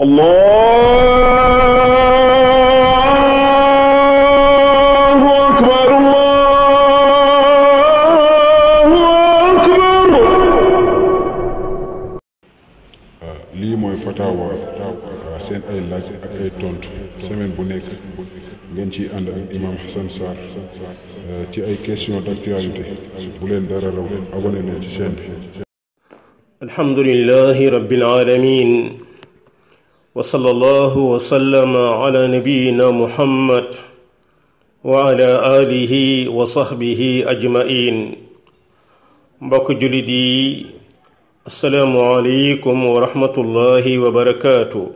الله أكبر الله أكبر lii mooy Fatawa seen ay laaj ak ay tontu semaine bu nekk ngeen ciy ànd ak imam Hassan Sarr ci ay question d'actualité bu leen dara raw abonné leen ci chaîne bi alhamdulillahi rabbil alamin وصلى الله وسلم على نبينا محمد وعلى آله وصحبه أجمعين بك جلدي السلام عليكم ورحمة الله وبركاته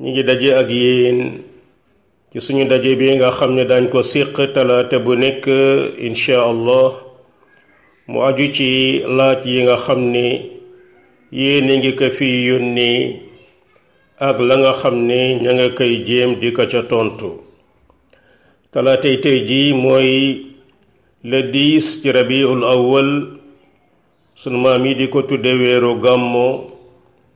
نيجي دجي أجيين كسوني دجي بيغا خمنا دانكو سيق تلا تبونيك إن شاء الله معجوشي لاتيغا خمني يينيجي كفي يوني ak la nga xam ne ña nga koy jéem di ko ca tontu talaatay tey ji mooy le 10 ci rabiul awwal sunu maam yi di ko tudde weeru gàmmo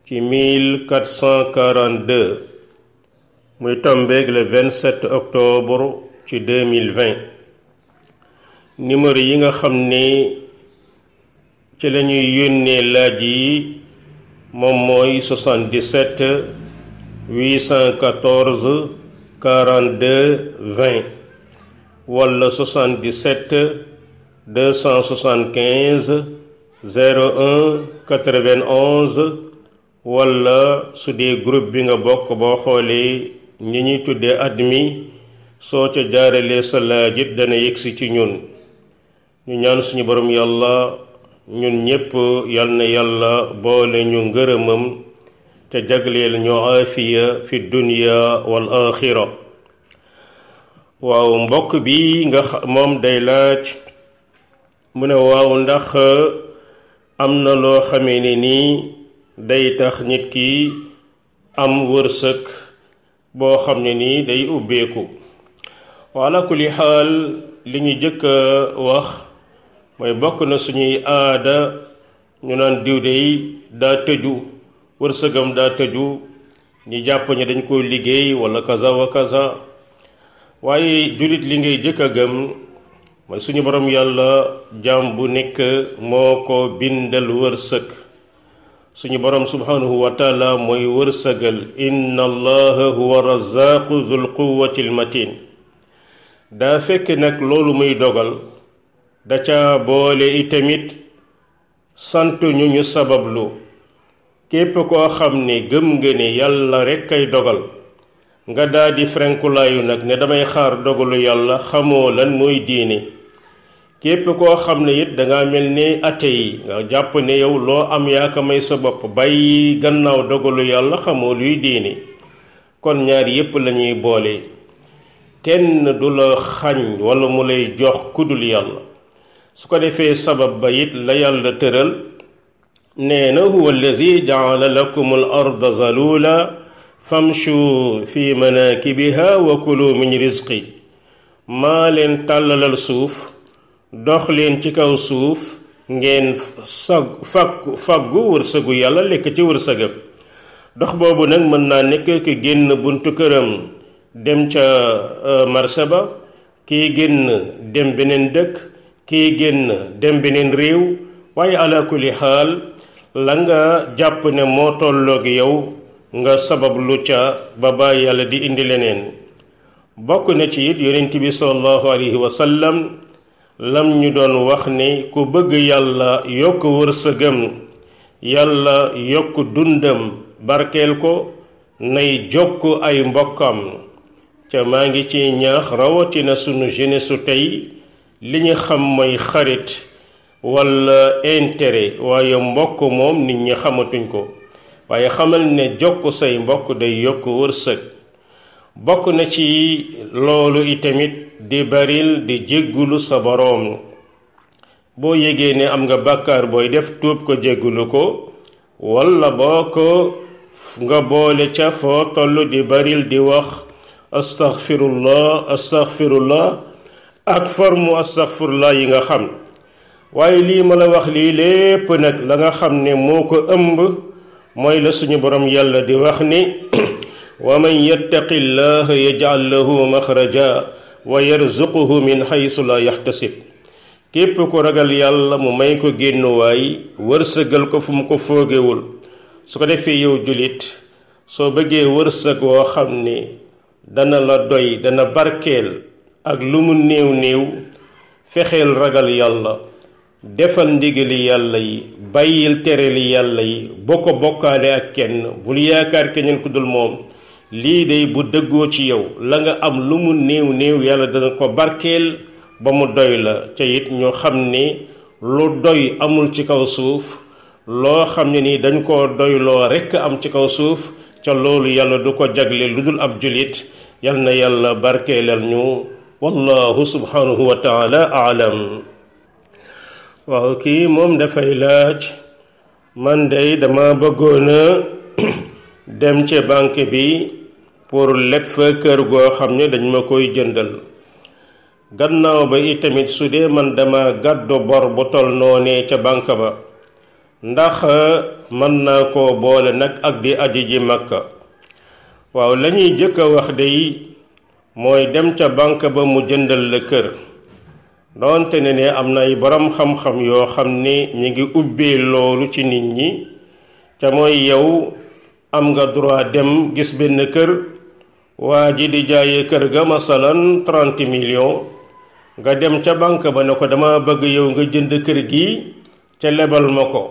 ci 1442 muy tombeeg le 27 octobre ci 2020 numéro yi nga xam ne ci la ñuy yónnee laaj yi moom mooy 77 814 42 20 wala 77 275 01 91 wala su groupe bi nga bokk boo xoolee ñi ñuy tuddee at mi soo ca jaaralee sa laaj it dana yegsi ci ñun ñu ñaan suñu borom yàlla ñun ñépp yal na yàlla boole ñu ngërëmam te jagleel ñoo aafiya fi dunya wal axira waaw mbokk bi nga moom day laaj mu ne waaw ndax am na loo xamee ne nii day tax nit ki am wërsëg boo xam ne nii day ubbeeku wala kulli xaal li ñu jëkk a wax mooy bokk na suñuy aada ñu naan diw day daa tëju wërsëgam daa tëju ñu jàpp ne dañ koy liggéey wala kaza wa kaza waaye jullit li ngay jëkk a gëm suñu borom yàlla jaam bu nekk moo ko bindal wërsëg suñu borom subhanahu wa taala mooy wërsëgal inna allaha huwa razaqu dhul quwwati matin daa fekk nag loolu muy dogal da ca boole itamit sant ñu ñu sabablu képp koo xam ne gëm nga ne yàlla rek kay dogal nga di frenkulaayu nag ne damay xaar dogalu yàlla xamoo lan mooy diine képp koo xam ne it danga mel ne ate yi nga jàpp ne yow loo am yaa ko may sa bopp bàyyi gannaaw dogalu yàlla xamoo luy diine kon ñaar yépp lañuy boole kenn du la xañ wala mu lay jox kudul yàlla su ko defee sabab ba it la yàlla tëral nee na huwa allazi jaala lakum al arda zalula famshu fi manakibiha wa kulu min rizqi maa leen tàllalal suuf dox leen ci kaw suuf ngeen sag faggu faggu wërsëgu yàlla lekk ci wërsëgam dox boobu nag mën naa nekk ki génn buntu këram dem ca marché ba kii génn dem beneen dëkk kii génn dem beneen réew waaye ala kulli xaal la nga jàpp ne moo tolloog yow nga sabab lu ca ba bàyyi yàlla di indi leneen bokk na ci it yonent bi sallallahu alayhi wa sallam lam ñu doon wax ne ku bëgg yàlla yokk wërsëgam yàlla yokk dundam barkeel ko nay jokk ay mbokkam ca maa ngi ci ñaax rawatina sunu jeunesse su tey li ñu xam mooy xarit wala intérêt waaye mbokk moom nit ñi xamatuñ ko waaye xamal ne jokk say mbokk day yokk wërsëg bokk na ci loolu itamit di baril di jéggulu sa boroom boo yëgee ne am nga bàkkaar booy def tuub ko jéggulu ko wala boo ko nga boole ca foo toll di baril di wax astaghfirullah astaghfirullah ak formu astaghfirullah yi nga xam ne waaye lii ma la wax lii lépp nag la nga xam ne moo ko ëmb mooy la suñu borom yàlla di wax ni wa man yattaqi llaha yaj'al lahu maxraja wa yarzuquhu min xaysu la yaxtasib képp ku ragal yàlla mu may ko génnuwaay wërsëgal ko fu mu ko foogewul su ko defee yow jullit soo bëggee wërsëg woo xam ne dana la doy dana barkeel ak lu mu néew néew fexeel ragal yàlla defal ndigg li yàlla yi bàyyil li yàlla yi boo ko bokkaale ak kenn bul yaakaar keneen ku dul moom lii day bu dëggoo ci yow la nga am lu mu néew néew yàlla dana ko barkeel ba mu doy la ca it ñoo xam ni lu doy amul ci kaw suuf loo xam ne nii dañ ko doyloo rekk am ci kaw suuf ca loolu yàlla du ko jagle lu dul ab jullit yal na yàlla barkeelal ñu wallahu subhanahu wa taala aalam waaw kii moom dafay laaj man dey dama bëggoona dem ca banque bi pour leb fa kër goo xam ne dañ ma koy jëndal gannaaw ba itamit su dee man dama gàddu bor bu tol noonee ca banque ba ndax mën naa koo boole nag ak di aji ji makka waaw lañuy jëkk a wax dey mooy dem ca banque ba mu jëndal la kër doonte ne ne am na ay borom xam-xam yoo xam ne ñu ngi ubbee loolu ci nit ñi te mooy yow am nga droit dem gis benn kër waa ji di jaayee kër ga masalan trente millions nga dem ca banque ba ne ko dama bëgg yow nga jënd kër gi te lebal ma ko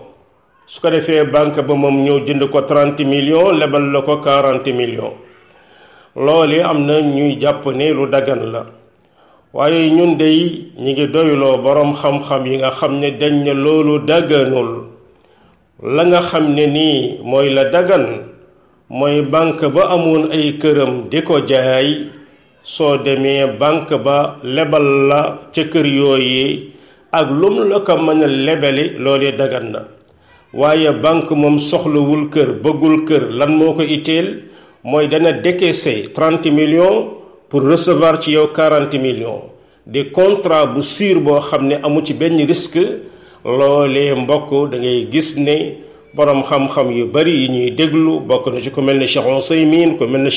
su ko defee banque ba moom ñëw jënd ko trente million lebal la ko quarante millions loolu am na ñuy jàpp ne lu dagan la waaye ñun dey ñi ngi doyloo boroom xam-xam yi nga xam ne dañ ne loolu dagganul la nga xam ne nii mooy la dagan mooy banque ba amoon ay këram di ko jaay soo demee bànk ba lebal la ca kër yooyee ak lum la ko mën a lebali loolee na waaye banque moom soxlawul kër bëggul kër lan moo ko itteel mooy dana décaisser trente millions pour recevoir ci yow quarante millions di contrat bu sûr boo xam ne amu ci benn risque loolee mbokk da ngay gis ne borom xam-xam yu bari yi ñuy déglu bokk na ci ku mel ne Cheikh Ousaymin ku mel ne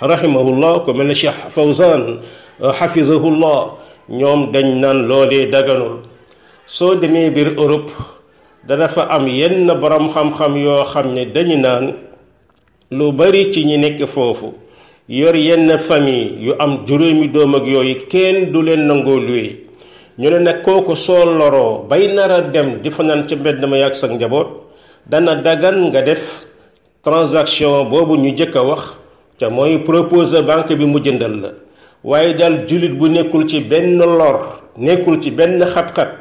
rahimahullah ku mel ne Cheikh Fawzan euh, hafizahullah ñoom dañ naan loolee daganul soo demee biir Europe dana fa am yenn borom xam-xam yoo xam ne dañu naan lu bari ci ñi nekk foofu yor yenn famille yu am juróomi doom ak yooyu kenn du leen nangoo luwe ñu ne nag kooku soo loroo bay nara dem di fanaan ca mbedd ma yàgg sa njaboot dana dagan nga def transaction boobu ñu jëkk a wax ca mooy propose banque bi mu jëndal la waaye daal jullit bu nekkul ci benn lor nekkul ci benn xat-xat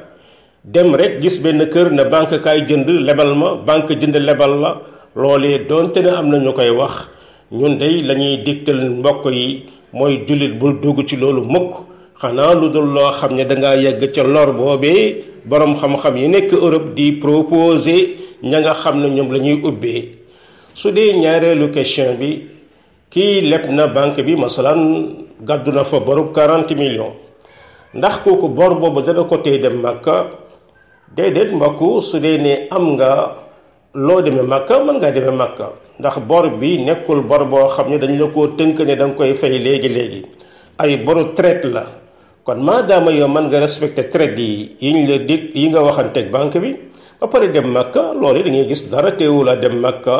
dem rek gis benn kër na banque kaay jënd lebal ma banque jënd lebal la loolee doonte ne am na ñu koy wax ñun dey la ñuy dikkal mbokk yi mooy jullit bul dugg ci loolu mukk xanaa lu dul loo xam ne dangaa yegg ca lor boobee boroom xam-xam yi nekk Europe di proposer ña nga xam ne ñoom lañuy ñuy ubbee su dee ñaareelu question bi kii leb na banque bi masalan gàddu na fa borub 40 million ndax kooku bor boobu dana ko tey dem màkka déedéet mbokk su dee ne am nga loo demee màkka mën ngaa demee màkka ndax bor bi nekkul bor boo xam ne dañu la ko tënk ne da nga koy fay léegi-léegi ay boru traite la kon maadaama yow man nga respecté traite yi yi ñu la dig yi nga waxanteeg banque bi ba pare dem makka loolu dangay da ngay gis dara teewul a dem makka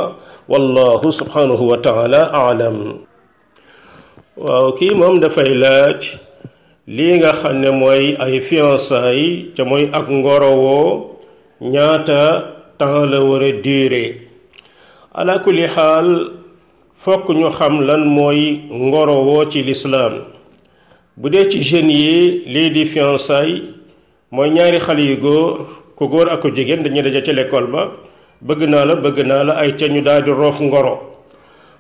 wallahu subhanahu wa taala alam waaw kii moom dafay laaj lii nga xam ne mooy ay yi ca mooy ak ngorowoo ñaata temps la war a durer ala kulli xaal fokk ñu xam lan mooy ngoro woo ci lislaam bu dee ci jeunes yi lii di fiançailles mooy ñaari xale yu góor ku góor ak ku jigéen dañuy daje ca lekkool ba bëgg naa la bëgg naa la ay ca ñu daal roof ngoro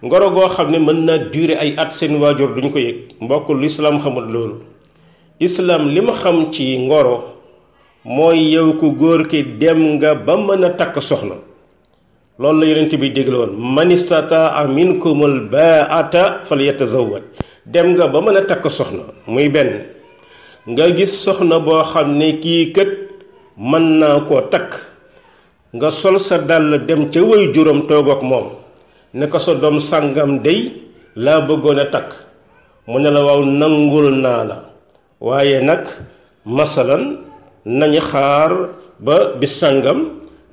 ngoro goo xam ne mën na durer ay at seen waajur duñ ko yëg mbokk lu islaam xamul loolu islaam li ma xam ci ngoro mooy yow ku góor ki dem nga ba mën a takk soxna loolu la yonent bi digle woon man istataa minkumul baata falyatazawwaj dem nga ba mën a takk soxna muy benn nga gis soxna boo xam ne kii kët mën naa koo takk nga sol sa dàll dem ca way juróom toog ak moom ne ko sa doom sàngam dey laa bëggoon a takk mu ne la waaw nangul naa la waaye nag masalan nañu xaar ba bi sàngam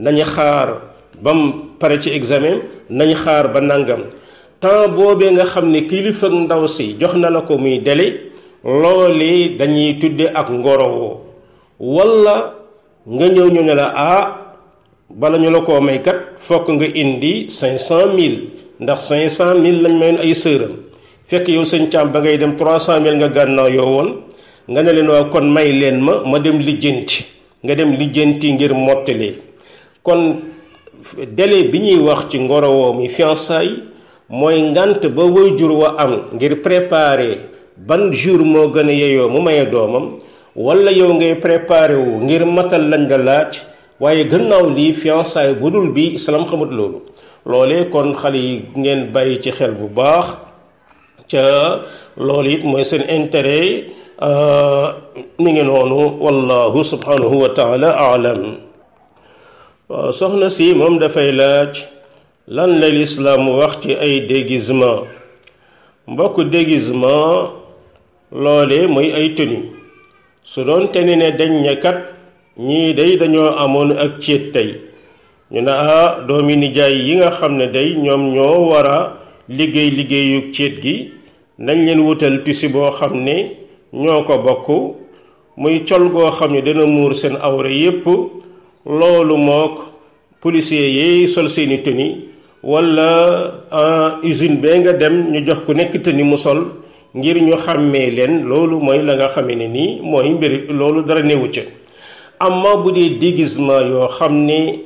nañu xaar ba mu pare ci examen nañ xaar ba nangam temps boobee nga xam ne kilifa ak ndaw si jox na la ko muy délai loolee dañuy tudde ak ngoro ngorowoo walla nga ñëw ñu ne la ah bala ñu la ko may kat fokk nga indi cinq cent mille ndax cinq cent mille lañ mayoon ay sëram fekk yow sëñ Caam ba ngay dem trois cent mille nga gànnaaw yoo woon nga ne leen waa kon may leen ma ma dem lijjanti nga dem lijjanti ngir mottali kon délai bi ñuy wax ci ngorowoo mi fiançailles mooy ngant ba jur wa am ngir préparer ban jour moo gën a yeyoo mu maye doomam walla yow ngay préparer wu ngir matal lañ la laaj waaye gannaaw lii fiançailles bu dul bi islam xamut loolu loolee kon xale yi ngeen bàyyi ci xel bu baax ca loolu it mooy seen intérêt euh, mi ngi noonu wallahu subhanahu wa alam waaw soxna si moom dafay laaj lan la lislaam wax ci ay déguisement mbokk déguisement loole muy ay tenue su doon tene ne dañ ñii day dañoo amoon ak céet tey ñu ne ah doomi nijaay yi nga xam ne day ñoom ñoo war a liggéey liggéeyu céet gi nañ leen wutal pisi boo xam ne ñoo ko bokk muy col goo xam ne dana muur seen awra yépp loolu mook policier yi sol seeni tenue wala euh, usine bee nga dem ñu jox ku nekk tenue mu sol ngir ñu xàmmee leen loolu mooy la nga xame ne nii mooy mbiri loolu dara néewu ca amma bu dee déguisement yoo xam ne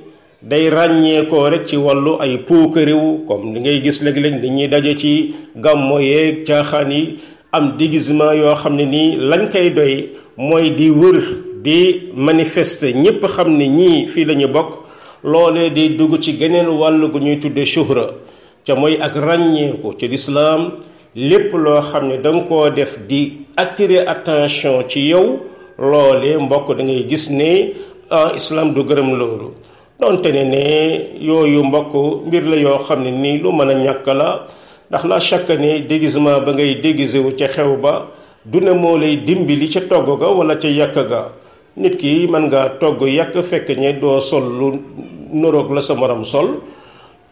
day ràññeekoo rek ci wàllu ay puukaréwu comme li ngay gis léeg-léeg nit ñuy daje ci gàmmo yee caaxaan yi am déguisement yoo xam ne nii lañ koy doy mooy di wër bi manifeste ñépp xam ne ñii fii la ñu bokk loole day dugg ci geneen wàll gu ñuy tuddee shuhra ca mooy ak ràññeeku ci lislaam lépp loo xam ne danga ko def di attirer attention ci yow loole mbokk da ngay gis ne ah islam du gërëm loolu donte ne ne yooyu mbokk mbir la yoo xam ne nii lu mën a ñàkk la ndax la chaque année dégisement ba ngay déguisé wu ca xew ba du ne moo lay dimbali ca togg ga wala ca yàkk ga nit kii mën nga togg yàq fekk ñe doo sol lu noroog la sa moroom sol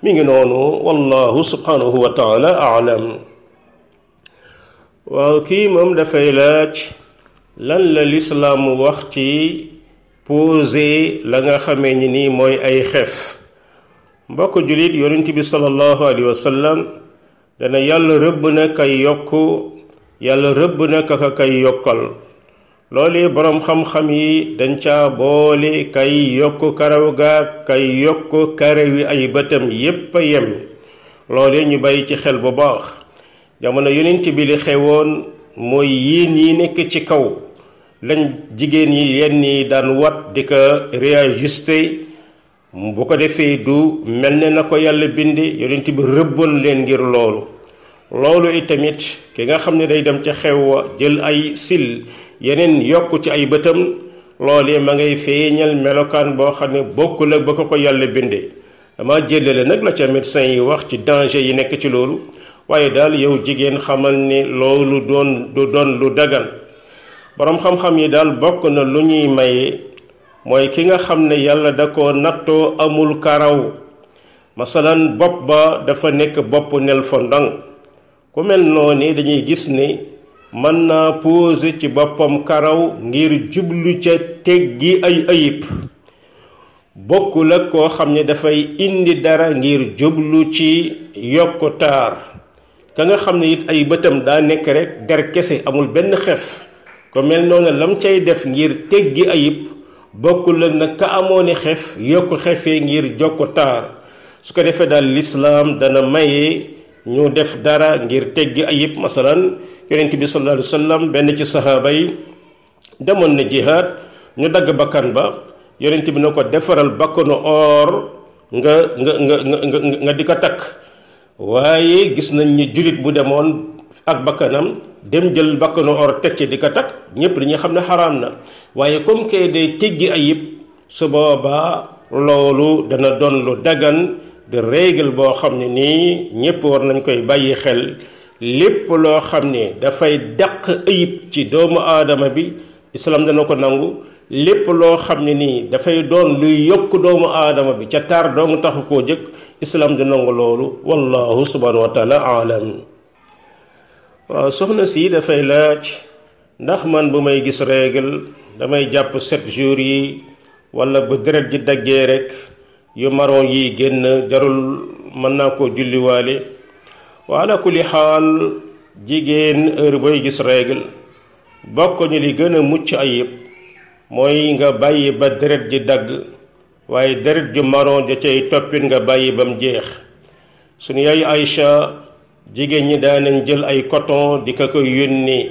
mi ngi noonu wallahu subhanahu wa alam waaw kii moom dafay laaj lan la lislaam wax ci posé la nga xamee ni nii mooy ay xef mbokk jullit yonent bi sallallahu alayhi wa sallam dana yàlla rëbb na kay yokk yàlla rëbb na kaka kay yokkal loolu boroom xam-xam yi dañ ca boole kay yokk karaw ga kay yokk karawi ay bëtam yépp a yem loolu ñu bàyyi ci xel bu baax jamono yonent bi li xewoon mooy yéen yi nekk ci kaw lañ jigéen yi yenn yi daan wat di ko réajuster bu ko defee du mel ne na ko yàlla bind yonent bi rëbboon leen ngir loolu loolu itamit ki nga xam ne day dem ca xew wa jël ay sil yeneen yokk ci ay bëtam loolee ma ngay feeñal melokaan boo xam ne bokkul ak ba ko ko yàlla bindee dama jëlale nag la ca médecin yi wax ci danger yi nekk ci loolu waaye daal yow jigéen xamal ni loolu doon du doon lu dagan boroom xam-xam yi daal bokk na lu ñuy maye mooy ki nga xam ne yàlla da ko nattoo amul karaw masalan bopp ba dafa nekk bopp nel fondang ku mel noonu dañuy gis ni mën naa pose ci boppam karaw ngir jublu ca teggi ay ayib bokkul ak koo xam ne dafay indi dara ngir jublu ci yokku taar ka nga xam ne ay bëtam daa nekk rekk der kese amul benn xef ko mel noonu lam cay def ngir teggi ayib bokkul ak nag ka amoon ne xef yokk xefee ngir jokk taar su ko defee daal lislaam dana maye ñu def dara ngir teggi ayib masalan yonent bi sallallahu alayhi wa benn ci saxaaba yi demoon na jihaad ñu dagg bakkan ba yonent bi na ko defaral bakkanu or nga nga nga nga di ko takk waaye gis nañ ni jullit bu demoon ak bakkanam dem jël bakkanu or teg ci di ko takk ñépp dañuy xam ne xaraam na waaye comme que day teggi ayib su boobaa loolu dana doon lu daggan de règle boo xam ne nii ñépp war nañ koy bàyyi xel lépp loo xam ne dafay daq ayib ci doomu aadama bi islam dana ko nangu lépp loo xam ne nii dafay doon luy yokk doomu aadama bi ca taar dong taxu koo jëkk islam du nangu loolu wallahu subhanahu wa taala waaw soxna si dafay laaj ndax man bu may gis règle damay jàpp sept jours yi wala bu deret ji daggee rek yu maron yi génn jarul mën naa ko julliwaale wa ku li xaal jigéen heure booy gis règle bokk ñu li gën a mucc ayib mooy nga bàyyi ba deret ji dagg waaye deret ju maron ja cay toppit nga bàyyi ba mu jeex su suñu ay Aïcha jigéen ñi daanañ jël ay coton di ko ko yónnee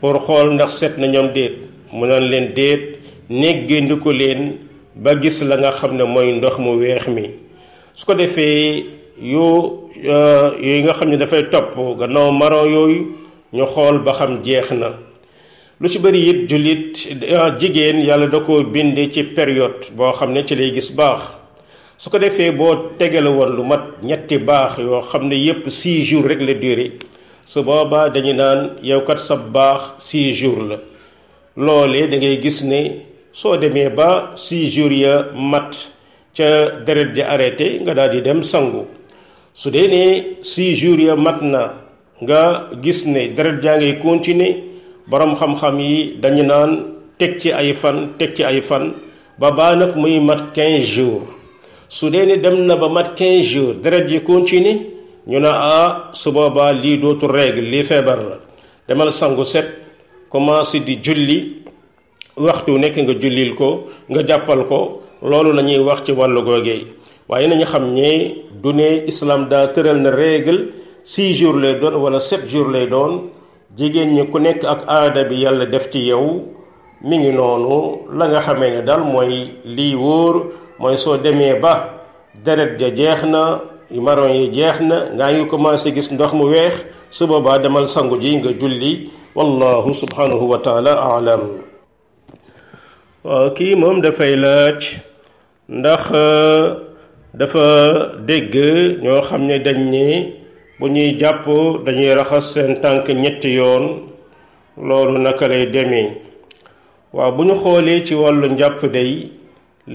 pour xool ndax seet na ñoom déet mu naan leen déet néggandiku leen ba gis la nga xam ne mooy ndox mu weex mi su ko defee yoo euh, yooyu nga xam ne dafay topp gannaaw maron yooyu ñu xool ba xam jeex na lu ci bëri it jullit euh, jigéen yàlla da ko bind ci période boo xam ne ci lay gis baax su ko defee boo tegale woon lu mat ñetti baax yoo xam ne yépp six jours rek la durée su boobaa dañu naan yow kat sa baax si jours la loolee da gis ne soo demee ba six jours ya mat ca deret ji arrêté nga daal di dem sangu su dee ne six jours ya mat na nga gis ne deret jaa ngay continuer borom xam-xam yi dañu naan teg ci ay fan teg ci ay fan ba baa nag muy mat quinze jours su dee ne dem na ba mat quinze jours deret ji continuer ñu ne ah su boobaa lii dootul règle lii feebar la demal sangu set commencé di julli waxtu nekk nga jullil ko nga jàppal ko loolu la ñuy wax ci wàllu googee waaye nañu xam ne du ne islam daa tëral na règle six jours lay doon wala sept jours lay doon jigéen ñi ku nekk ak aada bi yàlla def ci yow mi ngi noonu la nga xamee ne daal mooy lii wóor mooy soo demee ba deret ja jeex na maron yi jeex na ngaa ngi commencé gis ndox mu weex su boobaa demal sangu ji nga julli wallahu subhanahu wa taala alam waa kii moom dafay laaj ndax euh, dafa dégg ñoo xam ne dañ ni bu ñuy jàpp dañuy raxas seen tànk ñetti yoon loolu naka lay demee waaw bu ñu xoolee ci wàllu njàpp day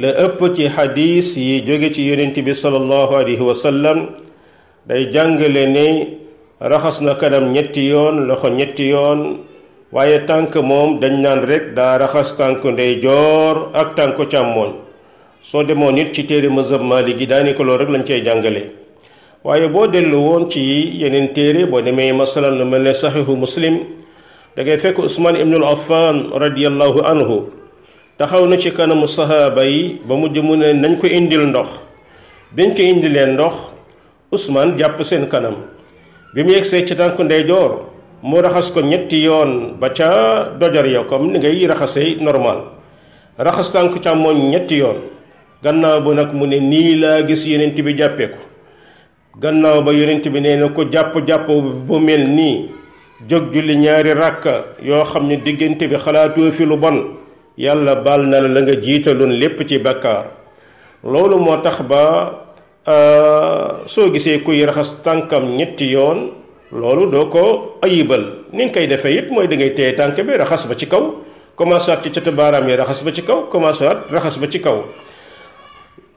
la ëpp ci xadiis yi jóge ci yonent bi sallallahu alayhi wa day jàngale ne raxas na kanam ñetti yoon loxo ñetti yoon waaye tànk moom dañ naan rek daa raxas tànk ndeyjoor ak tànk càmmooñ soo demoon it ci téere mazhab gi daanaka loolu rek lañu cey jàngale waaye boo dellu woon ci yeneen téere boo demee masalan lu mel ne saxiixu muslim da ngay fekk usmaan ibnul affan radiallahu anhu taxaw na ci kanamu sahaaba yi ba mujj mu ne nañ ko indil ndox biñ ko indilee ndox usmaan jàpp seen kanam bi mu yegsee ci tànk ndeyjoor mu raxas ko ñetti yoon ba ca dojar ya comme ni ngay raxasee normal raxas tànku càmmooñ ñetti yoon gannaaw ba nag mu ne nii laa gis yonent bi jàppee ko gannaaw ba yonent bi nee na ko jàpp-jàpp bu mel nii jóg julli ñaari ràkka yoo xam ne diggante bi xalaatoo fi lu bon yàlla baal na la la nga jiitaloon lépp ci bakkaar loolu moo tax ba euh, soo gisee kuy raxas tànkam ñetti yoon loolu doo ko ayibal ni nga koy defee it mooy da ngay téye tànk bi raxas ba ci kaw commencé waat ci catu baaraam yi raxas ba ci kaw commencé waat raxas ba ci kaw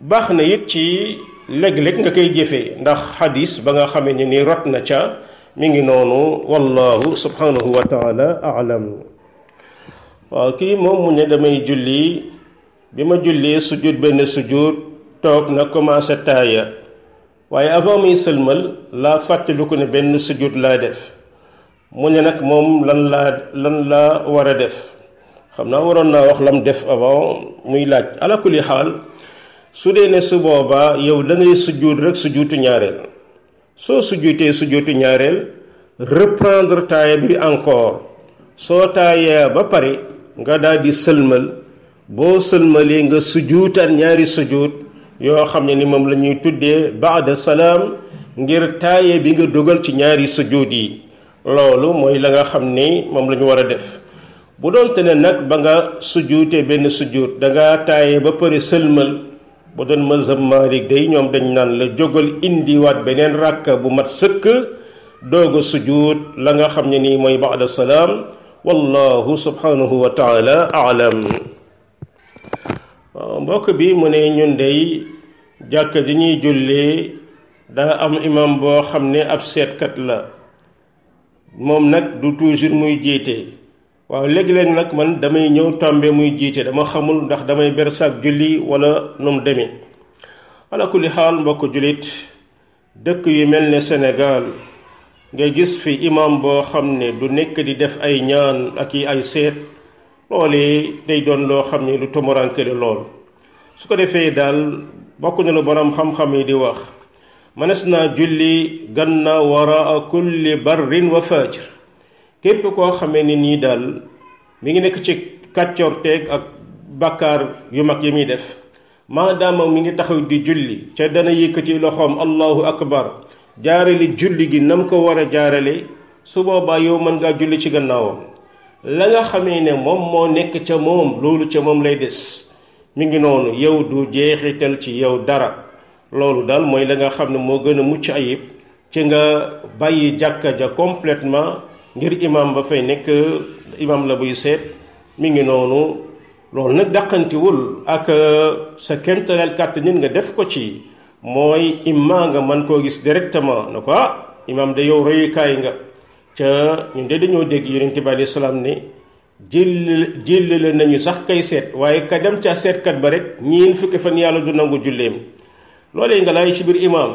baax na it ci léeg-léeg nga koy jëfee ndax xadis ba nga xamee ne ni rot na ca mi ngi noonu wallahu subhanahu wa taala alam waaw kii moom mu ne damay julli bi ma jullee sujud benn sujud toog na commencé taaya waaye avant muy sëlmal laa fàttaliku ne benn sujud laa def mu ne nag moom lan laa lan laa war a def xam naa waroon naa wax lam def avant muy laaj ala kulli xaal su dee ne su boobaa yow da ngay sujud rek sujuutu ñaareel soo sujutee sujuutu ñaareel reprendre taaya bi encore soo taayee ba pare nga daal di sëlmal boo sëlmalee nga sujuutaan ñaari sujud yoo xam ne ni moom lañuy ñuy tuddee baada salaam ngir taaye bi nga dogal ci ñaari sujjóot yi loolu mooy la nga xam ni moom lañu ñu war a def bu doonte ne nag ba nga sujjuutee benn sujjuut da nga taaye ba pare sëlmal bu doon mazhab Maalik day ñoom dañ naan la jógal indiwaat beneen ràkka bu mat sëkk doog a la nga xam ne nii mooy baada salaam wallahu subhanahu wa taala alam mbokk bi mu ne ñun dey jàkka ji ñuy jullee daa am imam boo xam ne ab seetkat la moom nag du toujours muy jiite waaw léegi-léeg nag man damay ñëw tombe muy jiite dama xamul ndax damay ber saak julli wala nu deme demee ala kulli xaal mbokk jullit dëkk yu mel ne Sénégal nga gis fi imam boo xam ne du nekk di def ay ñaan ak yi ay seet loolee day doon loo xam ne lu tumuranke lool su ko defee daal bokk na lu borom xam-xam yi di wax mënees naa julli ganna waraa kulli barrin wa fajir képp koo xamee ni nii daal mi ngi nekk ci kàccorteeg ak bàkkaar yu mag yi muy def maadaama mi ngi taxaw di julli ca dana ci loxoom allahu akbar jaarale julli gi nam ko war a jaarale su boobaa yow mën ngaa julli ci gannaawam la nga xamee ne moom moo nekk ca moom loolu ca moom lay des mi ngi noonu yow du jeexital ci yow dara loolu daal mooy la nga xam ne moo gën a mucc ayib ci nga bàyyi jàkka ja complètement ngir imam ba fay nekk imam la buy seet mi ngi noonu loolu nag dàqantiwul ak euh, sa kemtaleel kàttan nit nga def ko ci mooy imma nga man koo gis directement na ko ah imam da yow royukaay nga ca ñu de dañoo dégg yonent bi alayhi salaam ne jëllale jëllale nañu sax kay seet waaye ka dem ca seetkat ba rek ñiin fukki fan yàlla du nangu julleem loolee nga lay ci biir imaam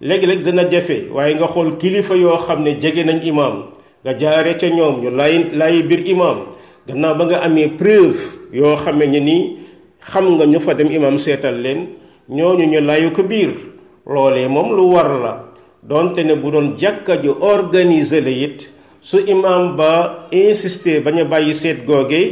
léegi léeg dana jafe waaye nga xool kilifa yoo xam ne jege nañ imaam nga jaare ca ñoom ñu lay lay biir imaam gannaaw ba nga amee preuve yoo xam ne ni xam nga ñu fa dem imaam seetal leen ñooñu ñu layu ko biir loolee moom lu war la donte ne bu doon jàkka ju organiser la it su imaam ba insister bañ a bàyyi seet googe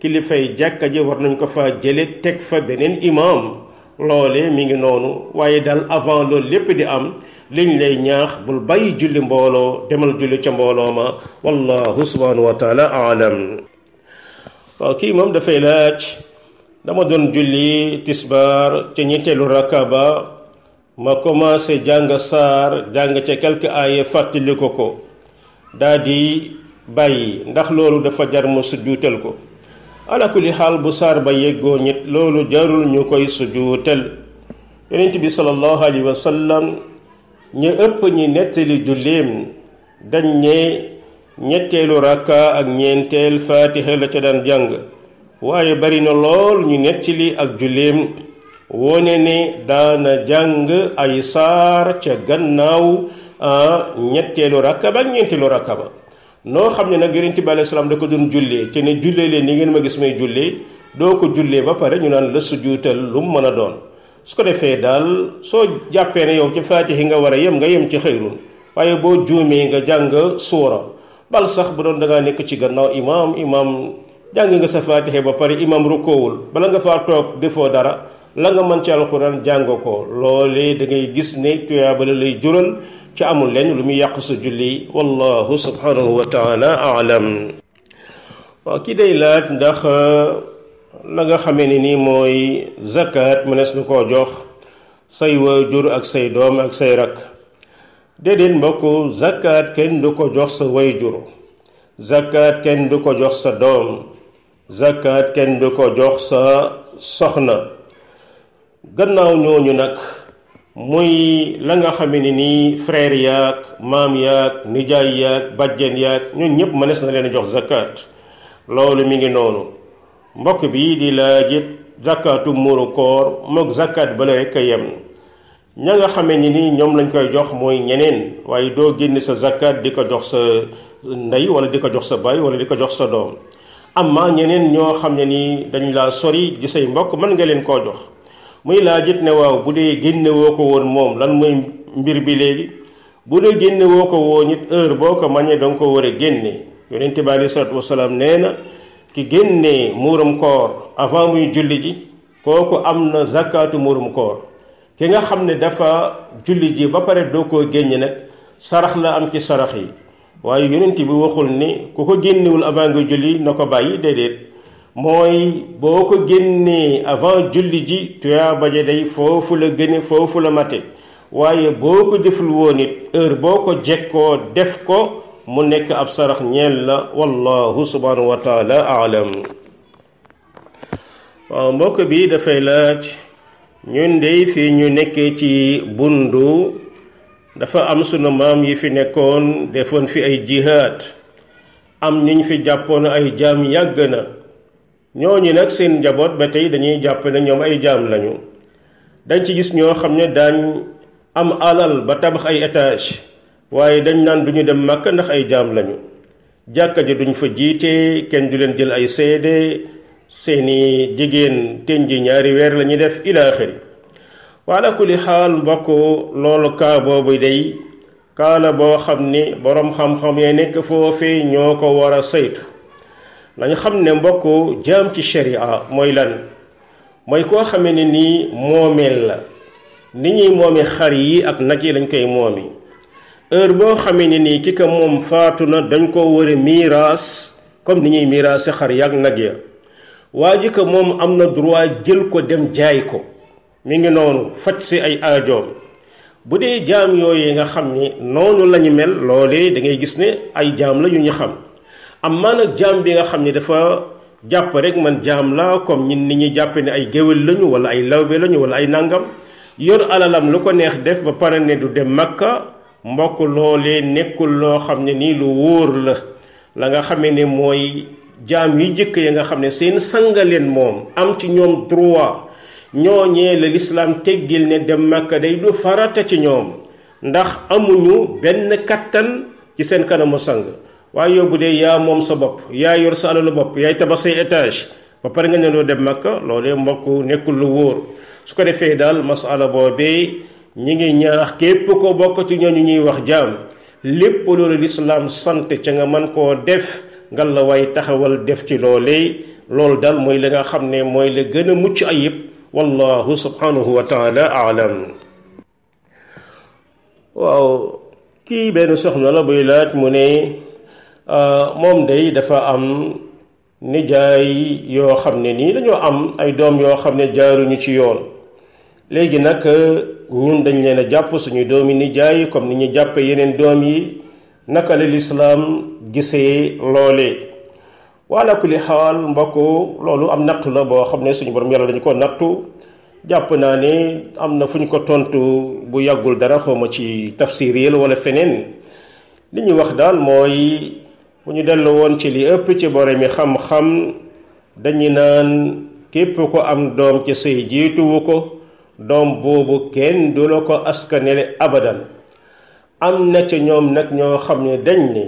kilifay jàkka ji war nañ ko fa jële teg fa beneen imaam loole mi ngi noonu waaye daal avant loolu lépp di am liñ lay ñaax bul bàyyi julli mbooloo demal julli ca mbooloo ma wallahu subhanahu wa taala alam waaw kii moom dafay laaj dama doon julli tisbaar ca ñetteelu rakka ma commencé jàng saar jàng ca quelques aaye fàttaliku ko daa di bàyyi ndax loolu dafa jar mu sujjuutal ko ala kulli xaal bu saar ba yeggoo ñit loolu jarul ñu koy sujjuutal yonent bi salallahu alayhi wa sallam ñu ëpp ñi nettali julleem dañ ne ñetteelu rakka ak ñeenteel fatiha la ca daan jàng waaye bari na lool ñu nettali ak julleem wone ne daana jàng ay saar ca gannaaw ñetteelu rakka ba ak ñeenteelu rakka ba noo xam ne nag yonent bi aleyhi salaam da ko doon jullee te ne jullee leen ni ngeen ma gis may jullee doo ko jullee ba pare ñu naan la sujuutal lu mu mën a doon su ko defee daal soo jàppee ne yow ci faatihi nga war a yem nga yem ci xëyrun waaye boo juumee nga jàng suura bal sax bu doon da nekk ci gannaaw imaam imaam jàng nga sa faatihi ba pare imaam rukkoowul bala nga faa toog defoo dara la nga mën ci alxuraan jàng ko loolee da ngay gis ne tuyaaba la lay jural تعمل لين لم يقصد جلي والله سبحانه وتعالى أعلم وكده إلا دخ لغا خميني ني موي زكاة من اسم كو جوخ سي وجور اك سي دوم اك سي رك ددين بكو زكاة كن دو كو جوخ سي وجور زكاة كن دو كو جوخ سي دوم زكاة كن دو كو جوخ سي سخنا gannaaw ñooñu nag muy la nga xam ne nii frère yaag maam yaag nijaay yaag bàjjen yaag ñun ñëpp mënees na leen jox zakat loolu mi ngi noonu mbokk bi di laajit zakatu muuru koor moog zakat bala rek a yem ña nga xamee ni nii ñoom lañ koy jox mooy ñeneen waaye doo génn sa zakat di ko jox sa ndey wala di ko jox sa baay wala di ko jox sa doom amma ñeneen ñoo xam ne nii dañ laa sori gi say mbokk mën nga leen koo jox muy laajit ne waaw bu dee génnewoo ko woon moom lan mooy mbir bi léegi bu dee génne woo ko woon it heure boo ko mañee danga ko war a génne yonent bi alei salatu wasalaam nee na ki génnee muurum koor avant muy julli ji kooku am na zakatu muurum koor ki nga xam ne dafa julli ji ba pare doo koo génne nag sarax la am ci sarax yi waaye yonent bi waxul ni ku ko génnewul avant nga julli na ko bàyyi déedéet mooy boo ko génnee avant julli ji tuyaabaja day foofu la gëne foofu la mate waaye boo ko deful woon it heure boo ko jekkoo def ko mu nekk ab sarax ñeel la wallahu subhanahu wa taala alam waaw mbokk bi dafay laaj ñun day fii ñu nekkee ci bundu dafa am sunu maam yi fi nekkoon defoon fi ay jihaat am ñuñ fi jàppoon ay jaam yàgg na ñooñu nag seen njaboot ba tey dañuy jàpp ne ñoom ay jaam lañu dañ ci gis ñoo xam ne daañ am alal ba tabax ay étage waaye dañ naan duñu dem màkk ndax ay jaam lañu jàkka ji duñ fa jiite kenn du leen jël ay seede seeni jigéen ten ji ñaari weer la ñuy def ilaaxiri waala kuli xaal mbokk loolu kaa boobu day kaa la boo xam ni boroom xam-xam yee nekk foofee ñoo ko war a saytu nañu xam ne mbokk jaam ci sharia mooy lan mooy koo xamee ne nii moomeel la ni ñuy moomi xar yi ak nag yi lañ koy moomi heure boo xame ni nii ki ko moom faatu na dañ ko war a comme ni ñuy miiraasi xar yi ak nag ya waa ji moom am na droit jël ko dem jaay ko mi ngi noonu faj si ay aajoom bu dee jaam yooyu nga xam ni noonu lañu mel loolee da ngay gis ne ay jaam la yu ñu xam am maa nag jaam bi nga xam ni dafa jàpp rek man jaam la comme ñin nit ñi jàppe ne ay géwél lañu wala ay lawbe lañu wala ay nàngam yor alalam lu ko neex def ba pare ne du dem makka mbokk loolee nekkul loo xam ne nii lu wóor la la nga xamee ne mooy jaam yu jëkk ya nga xam ne seen sangaleen moom am ci ñoom droit ñooñee la lislaam teggil ne dem makka day du farata ci ñoom ndax amuñu benn kattan ci seen kanamu sang waaye yow bu dee yaa moom sa bopp yaa yor sa alalu bopp yaay tabax say étage ba pare nga ne loo dem Makka loolee mbokk nekkul lu wóor su ko defee daal masala boobee ñi ngi ñaax képp ko bokk ci ñooñu ñuy wax jaam lépp loolu lislaam sant ca nga man koo def nga la waay taxawal def ci loolee loolu daal mooy la nga xam ne mooy la gën a mucc ayib wallahu subhanahu wa taala aalam waaw kii benn soxna la buy laaj mu ne Euh, moom day dafa am nijaay yoo xam ne nii dañoo am ay doom yoo xam ne jaaruñu ci yoon léegi nag euh, ñun dañ leen a jàpp suñu doomi nijaay comme ni ñu jàppee yeneen doom yi naka la lislaam gisee loole wala li xaal mbokk loolu am nattu la boo xam ne suñu borom yàlla dañu ko nattu jàpp naa ne am na fu ñu ko tontu bu yàggul dara xawma ci tafsiril wala feneen li ñuy wax daal mooy bu ñu dellu woon ci li ëpp ci boromi xam-xam dañuy naan képp ko am doom ci sëy jiituwu ko doom boobu kenn du la ko askanele abadan am na ci ñoom nag ñoo xam ne dañ ni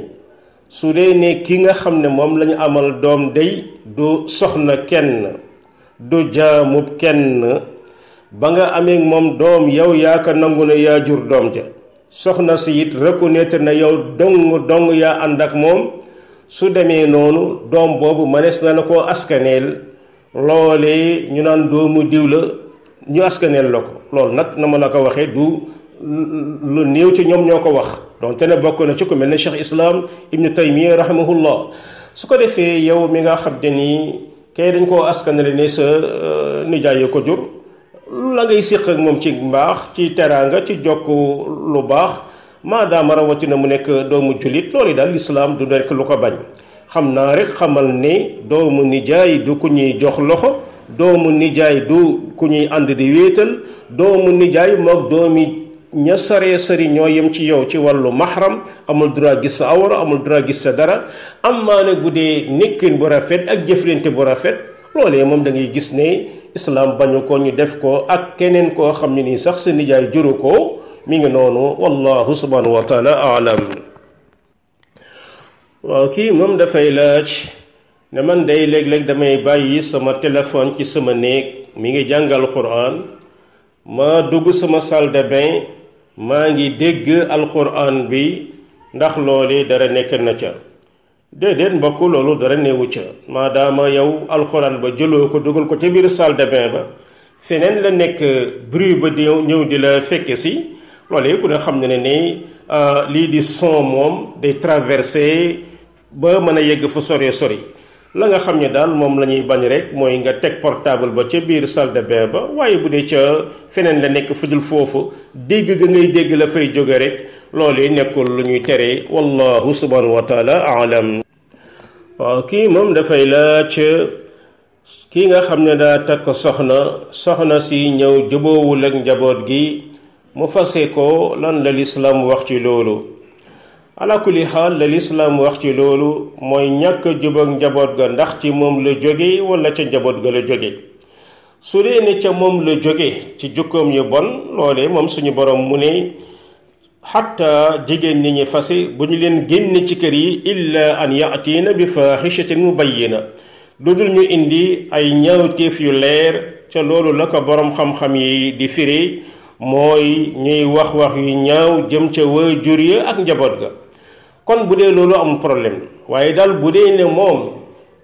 su dee ne ki nga xam ne moom lañu amal doom day du soxna kenn du jaamub kenn ba nga amee moom doom yow yaa ko nangu ne yaa jur doom ja soxna si it reconnaître na yow dong dong yaa ànd ak moom su demee noonu doom boobu mënees na la ko askaneel loolee ñu naan doomu diw la ñu askaneel la ko loolu nag na ma la ko waxee du lu néew ci ñoom ñoo ko wax donte ne bokk na ci ku mel ne Cheikh Islam Ibnu Taymiya rahimahullah su ko defee yow mi nga xam te nii kay dañ koo askanale ne sa euh, nijaay ko jur la ngay séq ak moom ci mbaax ci teraanga ci jokk lu baax maadaama rawatina mu nekk doomu jullit yi daal lislaam du nekk lu ko bañ xam naa rek xamal ni doomu nijaay du ku ñuy jox loxo doomu nijaay du ku ñuy ànd di wéetal doomu nijaay moog doomi ña saree sari ñoo yem ci yow ci wàllu maxram amul droit gis sa awra amul droit gis sa dara am maa ne bu nekkin bu rafet ak jëflante bu rafet loolee moom dangay gis ne islaam bañu ko ñu def ko ak keneen koo xam ne nii sax sa nijaay juru ko mi ngi noonu wallahu subhanahu wa alam waaw kii moom dafay laaj ne man day léeg damay bàyyi sama téléphone ci sama néeg mi ngi jàngal quran ma dugg sama salle de maa ngi dégg alquran bi ndax loolu dara nekk na ca déedéet mbokk loolu dara néewu ca maadaama yow alxuraan ba jëloo ko dugal ko ca biir sal de bin ba feneen la nekk bruit ba di ñëw di la fekke si loolee ku ne xam ne ne ni euh, lii di son moom de traversé ba mën a yegg fu sore sori la nga xam ne daal moom la ñuy bañ rek mooy nga teg portable ba ca biir salle ba waaye bu dee ca feneen la nekk fujul foofu dégg ga ngay dégg la fay jóge rek loolee nekkul lu ñuy tere wallahu subhanahu wa taala alam waaw kii moom dafay laaj kii nga xam ne daa takk soxna soxna si ñëw juboowul ak njaboot gi mu fase ko lan la lislaam wax ci loolu ala kulli xaal la lislaam wax ci loolu mooy ñàkk jub njaboot ga ndax ci moom la jóge walla ca njaboot ga la jóge su dee ca moom la jóge ci jukkoom yu bon loolee moom suñu boroom mu ne xatta jigéen ñi ñi fase bu ñu leen génn ci kër yi illa an yaatiina bi mu mubayyina lu dul ñu indi ay ñaawteef yu leer ca loolu la ko boroom xam-xam yi di firi mooy ñuy wax wax yu ñaaw jëm ca jur ya ak njaboot ga kon bu dee loolu am problème waaye daal bu dee ne moom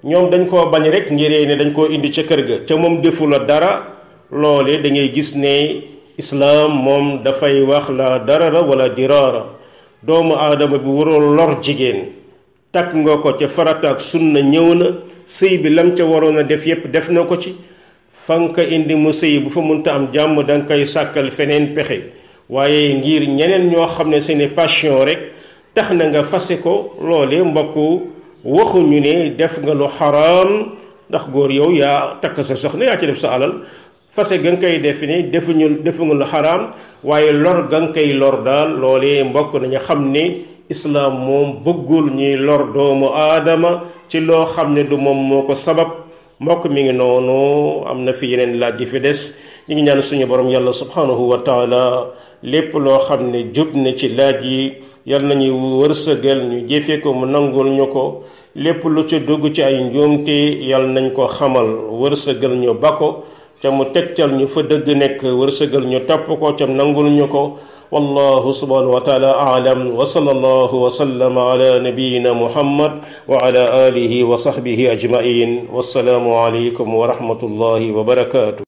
ñoom dañ koo bañ rek njëree ne dañ koo indi ca kër ga ca moom defu la dara loole dangay gis ne islaam moom dafay wax la dara darara wala diraara doomu aadama bi waroo lor jigéen takk nga ko ca farata ak sunna ñëw na sëy bi lam ca waroon a def yépp def na ko ci fa indi mu sëy bu fa mënta am jàmm danga koy sàkkal feneen pexe waaye ngir ñeneen ñoo xam ne seeni passion rek tax na nga fase ko loolee mbokk waxuñu ne def nga lu xaraam ndax góor yow yaa takk sa soxna yaa ci def sa alal fase ga nga koy def nii defuñu defu nga lu xaraam waaye lor ga nga koy lor daal loolee mbokk nañu xam ne islaam moom bëggul ñuy lor doomu aadama ci loo xam ne du moom moo ko sabab mbokk mi ngi noonu am na fi yeneen laaj yi fi des ñu ngi ñaan suñu borom yàlla subhanahu wa lépp loo xam ne jub na ci laaj yi yal nañu wërsëgal ñu jëfe ko mu nangul ñu ko lépp lu ci dugg ci ay njuumte yal nañ ko xamal wërsëgal ñu ba ko ca mu teg cal ñu fa dëgg nekk wërsëgal ñu topp ko ca nangul ñu ko wallahu subhanahu wa taala aalam wa sallallahu wa sallama ala nabiyina muhammad wa ala alihi wa sahbihi ajmain wassalaamu aleykum wa rahmatullahi wa barakatuh